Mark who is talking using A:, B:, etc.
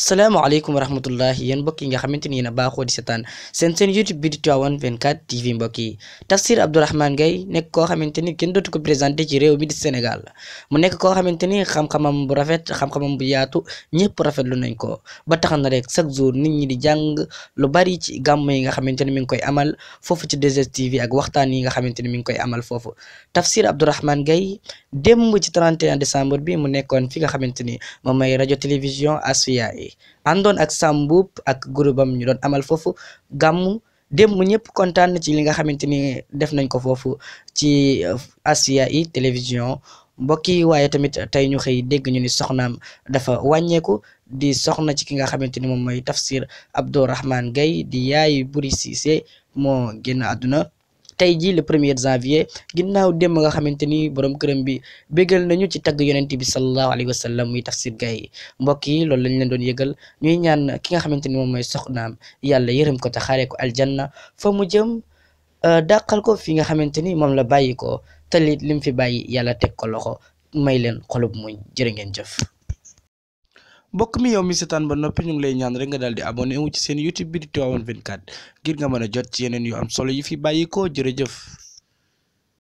A: salaamaaleykum wa rahmatullah yéen mbokk yi nga xamante ni yéen baaxoo di seetaan seen seen youtube bi di Tivaouane 24 TV mbokk yi Tafsir Abdourahmane Gaye nekk koo xamante ni kenn dootu ko présenté ci réew mi di Sénégal mu nekk koo xamante ni xam-xamam bu rafet xam-xamam bu yaatu ñëpp rafetlu nañ ko ba tax na rek chaque jour nit ñi di jàng lu bari ci gàmm yi nga xamante ni mi ngi koy amal foofu ci 2STV ak waxtaan yi nga xamante ni mi ngi koy amal foofu Tafsir Abdourahmane Gaye démb ci 31 décembre bi mu nekkoon fi nga xamante ni moom mooy rajo télévision Asfiyahi àndoon ak Sam Mboup ak groupam ñu doon amal foofu gàmmu démb ñëpp kontaan ci li nga xamante ni def nañ ko foofu ci euh, Asfiyahi télévision mbokk yi waaye tamit tey ñu xëy dégg ñu ni soxnaam dafa wàññeeku di soxna ci ki nga xamante ni moom mooy Tafsir Abdourahmane Gaye di yaay Buri Cissé moo génn àdduna tey jii le premier janvier ginnaaw démb nga xamante ni borom këram bi bégal ñu ci tagg yonent bi sallallahu alayhi wa sallam muy tafsir gay yi mbokk yi loolu lañ leen doon yëgal ñuy ñaan ki nga xamante ni moom mooy soxnaam yàlla yërëm ko te xaaree ko aljanna foo mu jëm euh, dàqal ko fi nga xamante ni moom la bàyyi ko te lim fi bàyyi yàlla teg ko loxo may leen xolub muñ jërë ngeen jëf
B: bokk mi yow mi seetaan ba noppi ñu ngi lay ñaan rek nga daal di abonné wu ci seen YouTube bi di Tivaouane 24 ngir nga mën a jot ci yeneen yu am solo yi fi bàyyi ko jërëjëf